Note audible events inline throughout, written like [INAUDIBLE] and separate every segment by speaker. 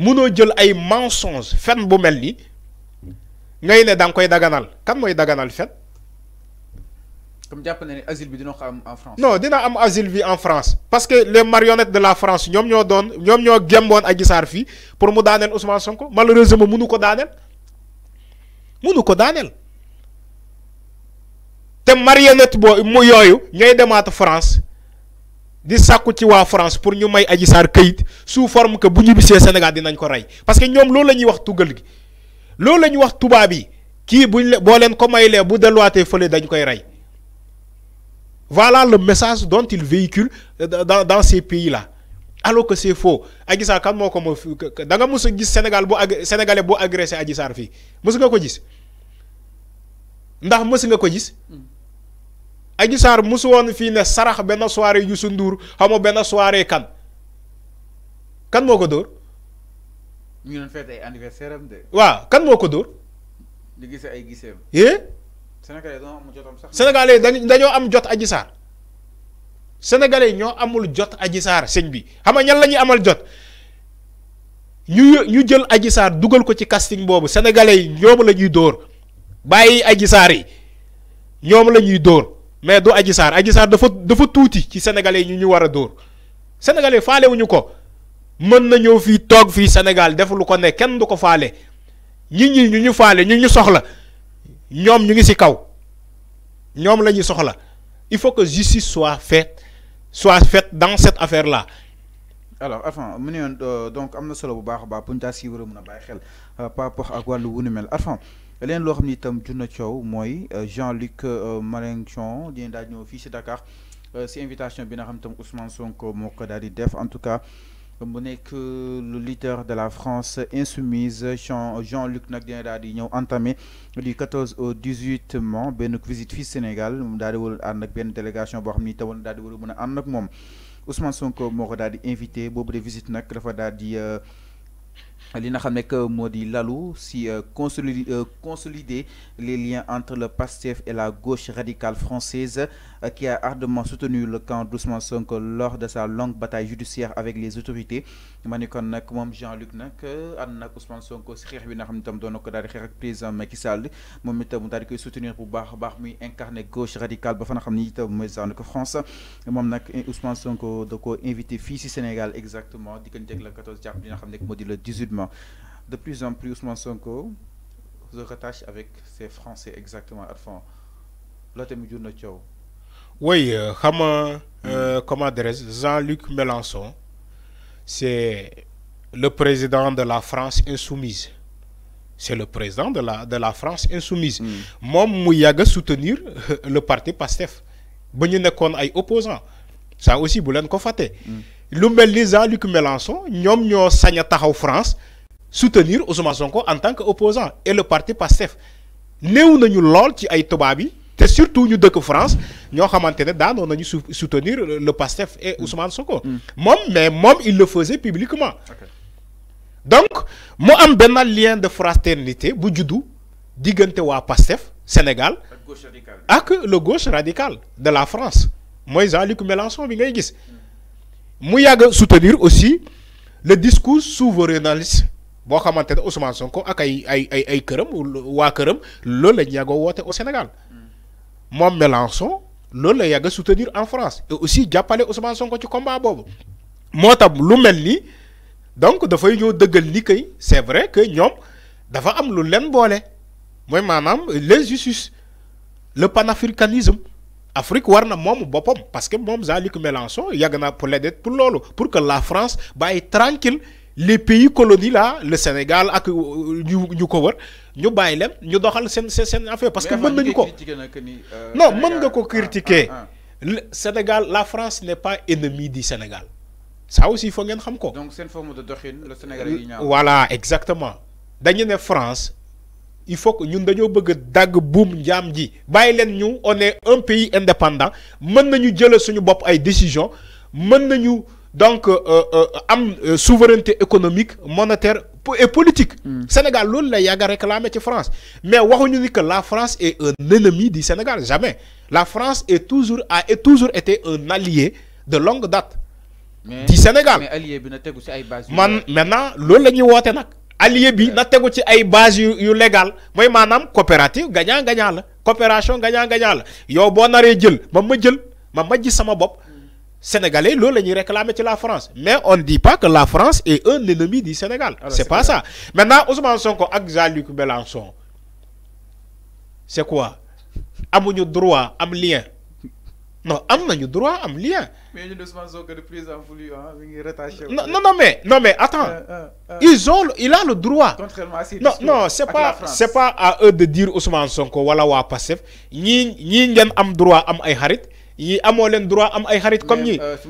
Speaker 1: Munu jël ay mensonge fen bu koy daganal daganal
Speaker 2: comme en France. non
Speaker 1: dina am asile en France parce que les marionnettes de la France ñoom ñoo doon ñoom ñoo gemboon pour mu daaneel Ousmane Sonko malheureusement munu ko danel. munu ko danel. te marionnette boo mu yooyu ñooy France di sàkku ci wa France pour ñu may Adji sar këyit sous forme que buñu ñu Sénégal dinañ ko ray parce que ñom lool lañuy wax tugal gi lool lañuy wax tuba bi ki buñ bo len ko le bu delluwaatee feulé dañ koy ray voilà le message dont il véhicule dans dans ces pays là alors que c'est faux Adji Sarr kan moko mo da nga mos gis Sénégal bu sénégalais bu agressé Adji sar fi mos nga ko gis ndax mos nga ko gis. Hmm. aji sar musu won fi ne sarax ben soirée yu sundur xamo ben soirée kan kan moko dor
Speaker 2: ñu non fête ay anniversaire am de
Speaker 1: wa kan moko dor
Speaker 2: di gisse ay gisseem ye eh? sénégalais dañu am jot am
Speaker 1: sax sénégalais dañu am jot aji sar sénégalais ñoo amul jot aji sar señ bi xam nga ñan lañuy amal jot ñu ñu jël aji sar dugal ko ci casting bobu sénégalais ñoom lañuy dor bayyi aji sar yi ñoom lañuy door mais do Adji Sarr Adji Sarr dafa dafa touti ci sénégalais ñu ñu wara door sénégalais faalé wuñu ko mën na ñëw fii toog fii Sénégal def lu ko ne kenn du ko faalé ñi ñi ñu ñu faalé ñu ñu soxla ñom ñu ngi ci kaw ñom lañu soxla il faut que justice soit faite soit faite dans cette affaire là.
Speaker 2: alors Arfan mu ne euh, donc amna solo bu baax ba baax pour ñu taas yi war a mën a xel euh, par ak walu wunu mel Arfan leen lo xamni tam itam ciow moy euh, Jean-Luc euh, malenchon di daal ñëw fii si Dakar euh, ci invitation bi nga xam tam Ousmane Sonko moko ko def en tout cas mu que le leader de la France insoumise Jean luc nak dina daal di entamé du 14 au 18 mai benn visite fi Sénégal mu avec wul and ak ben délégation bo xamni tawon itam wul mëna and ak mom Ousmane Sonko moko invité boobu de visite nak dafa daal li nga xam nekk moo lalu si euh, consolider euh, consolider les liens entre le PASTEF et la gauche radicale française euh, qui a ardemment soutenu le camp d'Ousmane Sonko lors de sa longue bataille judiciaire avec les autorités ma ni kon Jean-Luc nak ànd nak Ousmane Sonko si bi nga xam ne itam doon na ko daal di ak président Macky Sall mom itam daal koy soutenir bu baax baax muy incarné gauche radicale ba fa nga xam ni itam mooy ko France mom nak eh, Ousmane Sonko da invité fi si Sénégal exactement diggante ak le 14 jàpp li nga xam nekk le 18 mai de plus en plus, Ousmane vous se rattache avec ces Français exactement à fond.
Speaker 1: Oui, comment, euh, euh, comment Jean-Luc Mélenchon, c'est le président de la France insoumise. C'est le président de la, de la France insoumise. Moi, mm. soutenir [LAUGHS] le parti PASTEF. Bon, opposant. Ça aussi, vous l'avez fait. Jean-Luc Mélenchon, nous sommes en France soutenir Ousmane Sonko en tant qu'opposant et le parti Pastef néew ce lool ci ay tubaab yi te surtout nous de France Nous avons ne soutenir le Pastef et mm. Ousmane Sonko. Mm. mais moom il le faisait publiquement donc Moi am un lien de fraternité bu digante ou Pastef Sénégal Avec le gauche radical de la France mooy jean un Mélenchon bi ngay gis mm. mu soutenu soutenir aussi le discours souverainiste bo xamante ne Ousmane Sonko ak ay ay ay ay këram waa këram loolu la ñu woote au Sénégal moom Mélenchon loolu la yàgg soutenir en France et aussi jàppale Ousmane Sonko ci combat boobu moo tax lu mel ni donc dafay ñëw dëggal ni kay c'est vrai que ñoom dafa am lu leen boole mooy maanaam l'injustice le panafricanisme Afrique war na moom boppam parce que moom Jean-Luc Mélenchon yàgg naa plaider pour loolu pour que la France bàyyi tranquille les pays colonies là le Sénégal ak euh, ñu ñu ko wër ñu bàyyi ñu doxal sen sen affaire parce que mën nañu ko euh, non mën nga ko ah, critiquer ah, ah. le Sénégal la France n'est pas ennemie du Sénégal ça aussi il faut ngeen xam ko. donc sen forme de le
Speaker 2: Sénégal yi voilà
Speaker 1: exactement dañu né France il faut que ñun dañu bëgg dag boom, buum ji nous ñu on est un pays indépendant mën nañu jël suñu bop ay décisions mën nañu donc euh, euh, euh, souveraineté économique monétaire et politique. Hmm. Sénégal lool la y a réclamer ci France mais waxuñu ni que la France est un ennemi du Sénégal jamais la France est toujours a toujours été un allié de longue date. du Sénégal mais
Speaker 2: allié bi na ci ay man
Speaker 1: maintenant lool la ñuy woote nag. allié bi na tegu ci ay bases yu légal manam coopérative gagnant gagnant la coopération gagnant gagnant la yow boo naree jël ma ma jël ma ma sama bob. Sénégalais, l'eau, les réclamer la France. Mais on ne dit pas que la France est un ennemi du Sénégal. Ah, c'est pas ça. Maintenant, Ousmane Sonko avec luc c'est quoi Amouni droit, am lien. Non, amouni droit, am lien.
Speaker 2: Mais Ousmane Sonko de plus en plus, hein, Non, non, mais, non, mais attends. Euh, euh, euh. Ils ont, il a le droit. Contrairement à ces Non, non, c'est pas, c'est pas
Speaker 1: à eux de dire Ousmane Sonko, voilà, ou à Passef. Ni, ni, am droit, am ay harit yi amoo droit am ay xarit comme ñi
Speaker 2: euh,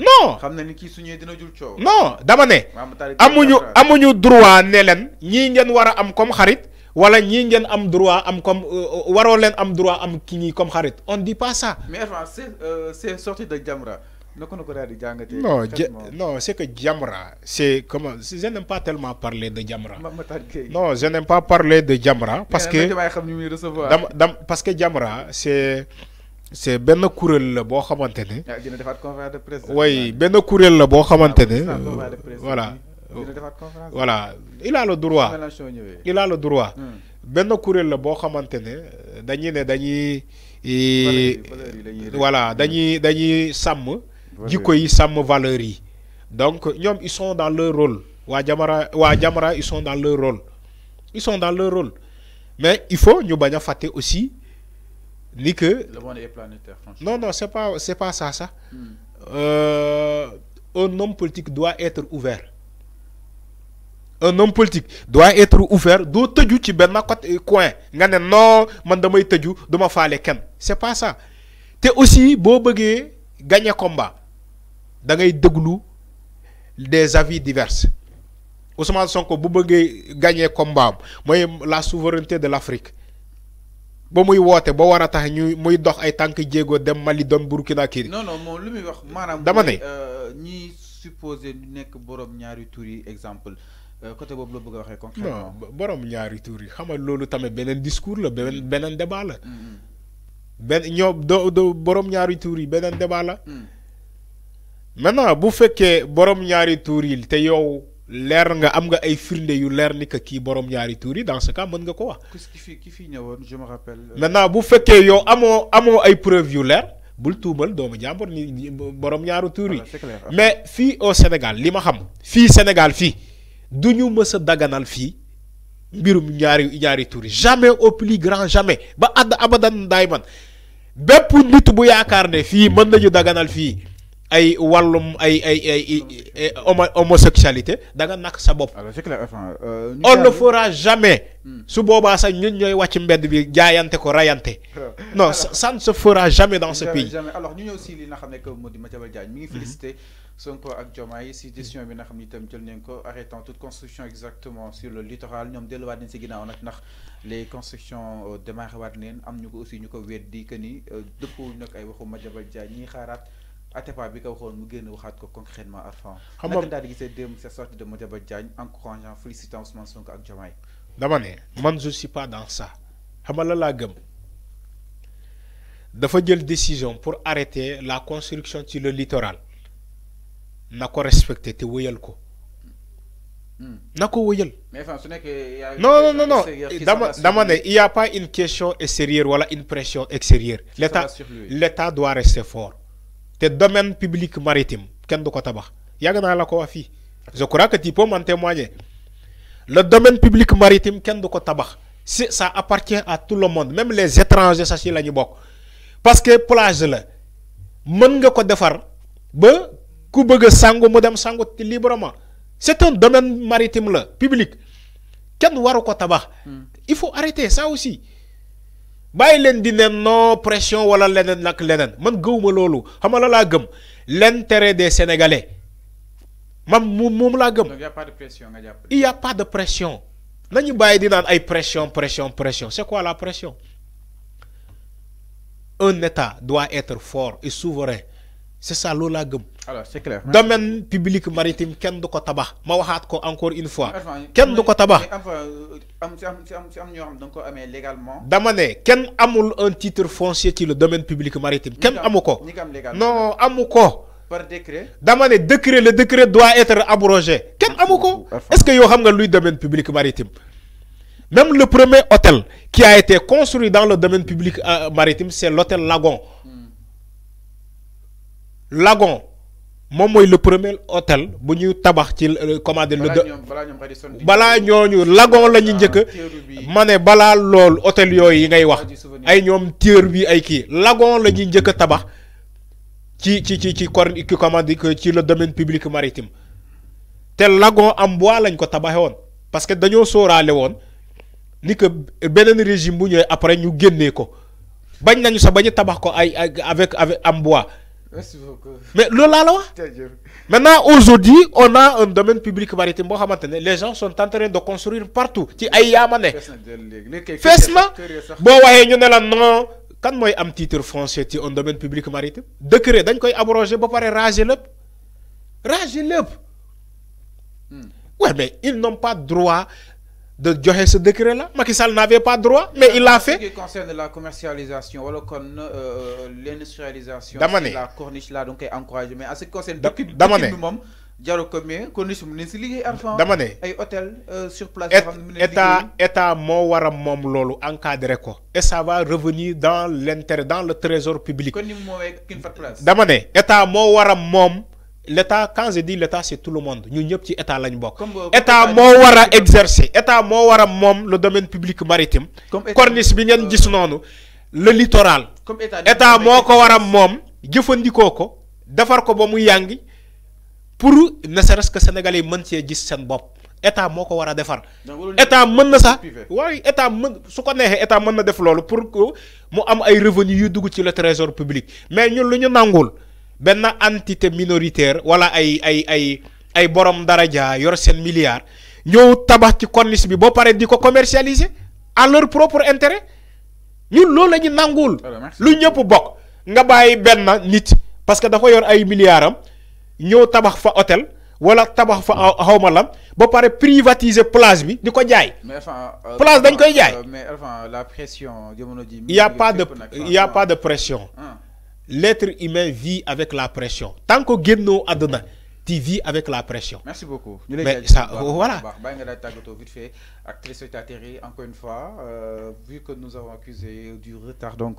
Speaker 2: non xamna ni ki su dina jul coow non dama ne amuñu
Speaker 1: amuñu droit ne len ñi ngeen wara am comme xarit wala ñi ngeen am droit am comme euh, euh, waro len am droit am ki ñi comme xarit on dit pas ça
Speaker 2: mais c'est c'est sorti de
Speaker 1: Jamra jangate non, non c'est que Jamra, c'est comme Je n'aime pas tellement parler de Jamra. mamatar Non, je n'aime pas parler de Jamra parce que. dama Parce que Jamra, c'est c'est Benokurel benn la ya
Speaker 2: ah, dina de oui
Speaker 1: ben la voilà.
Speaker 2: voilà il a le droit. il a le droit.
Speaker 1: ben voilà dañuy dañuy Sam yi donc ils sont dans leur rôle wa à ils sont dans leur rôle. ils sont dans leur rôle mais il faut ñu nous, aussi. Ni que
Speaker 2: le monde est planétaire franchement
Speaker 1: non non c'est pas c'est pas ça ça hmm. euh, un homme politique doit être ouvert un homme politique doit être ouvert do tëju ci benn euh, coin nga ne non man damay dans duma falé kenn c'est pas ça es aussi bo beugé gagner combat da ngay déglu des avis divers Ousmane Sonko bu beugé gagner combat moy la souveraineté de l'Afrique ba muy woote ba war a tax ñuy muy dox ay tànk jéego dem Mali doon Burkina Kiri. non non moom
Speaker 2: lu muy wax maanaam. dama ne euh, ñi supposé nekk borom ñaari tur yi exemple
Speaker 1: euh, côté boobu la bëgg a waxee concrètement. borom ñaari tur yi xam nga loolu tamit beneen discours la beneen mm. beneen débat la. Mm, mm. benn ñoo do do borom ñaari tur yi beneen débat la. bu fekkee borom ñaari tur yi te yow leer nga am nga ay firnde yu leer ni que kii borom ñaari tuur yi dans ce cas mën nga ko wax.
Speaker 2: ki fi ki fi ñëwoon je me
Speaker 1: euh, bu fekkee yow amoo amoo ay preuve yu leer bul tuubal doomu jàmbur ni borom ñaaru tuur yi. mais fii au Sénégal li ma xam. fii Sénégal fii du ñu mës a daganal fii mbirum ñaari ñaari tuur yi jamais au plus grand jamais ba àdd abadan daay man bépp nit bu yaakaar ne fii mën nañu daganal fii. ay walum ay ay ay homosexualité da nga nak sa bopp. Euh, on ne fera jamais. Hmm. su boba sa ñun ñoy wacc mbedd bi jaayante ko rayante. non ça ne se fera jamais dans ce pays. jamais
Speaker 2: alors ñu ñëw aussi li nga xam ne modi ma Madiambal jaay mi ngi hmm. félicité Sonko ak jomay si décision bi nga xam ne jël nañ ko arrêtant toute construction exactement sur le littoral ñom ñoom wat ni ci ginaaw nak nak les constructions euh, démarré wat neen am ñuko aussi ñuko ko weddi que ni euh, dëppoo nag ay waxu ma Madiambal jaay ñi xaaraat. Atepa bi ko waxoon mu génn waxaat ko concrètement Arfan. xam nga daal di gisee démb sa sortie de Madiambal Diagne encourageant félicitant Ousmane Sonko ak Diomaye.
Speaker 1: dama ne man je suis pas dans ça xam nga la laa gëm dafa jël décision pour arrêter la construction sur le littoral na ko respecté te wëyal ko. Hmm. na ko wëyal. mais enfin su nekkee non non non dama dama il y a pas une question extérieure wala une pression extérieure. l'état l'état doit rester fort. Le domaine public maritime Ken du ko tabax yàgg la ko je crois que tu peux m'en témoigner le domaine public maritime ken du ko tabax ça appartient à tout le monde même les étrangers sax la parce que plage la mën nga ko defar ba ku bëgg a mu librement c'est un domaine maritime là, public Ken waru ko tabax hmm. il faut arrêter ça aussi bàyyi leen di ne non pression wala leneen nag leneen man gëwuma loolu xam nga la laa gëm l'intérêt des sénégalais man moom moom laa gëm.
Speaker 2: il y a pas de pression nga jàpp
Speaker 1: il y a pas de pression nañu bàyyi di naan ay pression pression pression c'est quoi la pression un État doit être fort et souverain c'est ça l'eau lagum. alors c'est clair domaine public maritime ken du ko encore une fois. Ken du ko tabax.
Speaker 2: Euh, am si
Speaker 1: un titre foncier qui le domaine public maritime. Ken amoko? non amuko. par décret. dama décret le décret doit être abrogé Ken amoko? est-ce que yo xam nga domaine public maritime. même le premier hôtel qui a été construit dans le domaine public euh, maritime c'est l'hôtel Lagon lagon mom moy le premier hôtel bu ñuy tabax ci euh, commandé le
Speaker 2: de
Speaker 1: balaa ñooñu lagon la ñu Mané ah, ma lol hôtel yooyu yi ngay wax ay ñom tier bi ay ki lagon lañu jëk tabax ci ci ci ci cor ki commandé ci le domaine public maritime té lagon am bois lañ ko tabaxe won parce que dañoo sóoraale won ni que benen régime bu ñoy après ñu génné ko bañ nañu sa ba tabax ko ay avec avec am bois mais le la loi maintenant aujourd'hui on a un domaine public maritime les gens sont en train de construire partout ci ay yaama ne. ñu la non. kan moi, am titre français, ci un domaine public maritime décret dañ koy abroger, ba pare raser le, raser le. Hmm. ouais mais ils n'ont pas droit de joxe ce décret là Macky n'avait pas droit mais euh, il l'a fait. qui
Speaker 2: concerne la commercialisation wala kon euh, euh, l'industrialisation. la corniche là donc est encouragé mais à ce qui concerne. corniche hôtel sur place. état
Speaker 1: état et ça va revenir dans l'intérêt dans le trésor public l'État quand je dis l'État c'est tout le monde ñun ñëpp ci état lañ l'état état exercer état le domaine public maritime. bi euh, gis le littoral. état moko wara a ko defar pour ne serait sénégalais mën gis état état na état pour que mu am revenus yu le trésor public mais ñun benn entité minoritaire wala ay ay ay ay borom daraja yor seen milliard ñëw tabax ci corniche bi boo pare di ko commercialiser à leur propre intérêt ñun loolu la ñu nanguwul. lu ñëpp bokk nga bàyyi benn nit parce que dafa yor ay milliards am ñëw tabax fa hôtel wala tabax fa xawma lam ba pare privatiser place bi di ko jaay.
Speaker 2: Euh, place dañ euh, koy jaay. Euh, mais la pression
Speaker 1: jamono y' a pas de y' a pas de pression l'être humain vit avec la pression tant que génnoo àdduna tu vis avec la pression. merci beaucoup Mais ça voilà baax
Speaker 2: bàyyi nga vite fait encore une fois euh, vu que nous avons accusé du retard
Speaker 1: donc.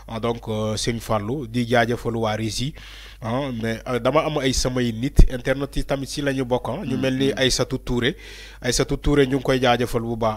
Speaker 1: Ah, donc euh, sëñ Fallou di jaajëfal waa Rési ah, mais euh, dama am ay samay nit internet yi tamit si la ah, ñu bokk mm, ñu mel ni mm. Aïssatou ay Aïssatou Touré ñu ngi koy jaajëfal bu baax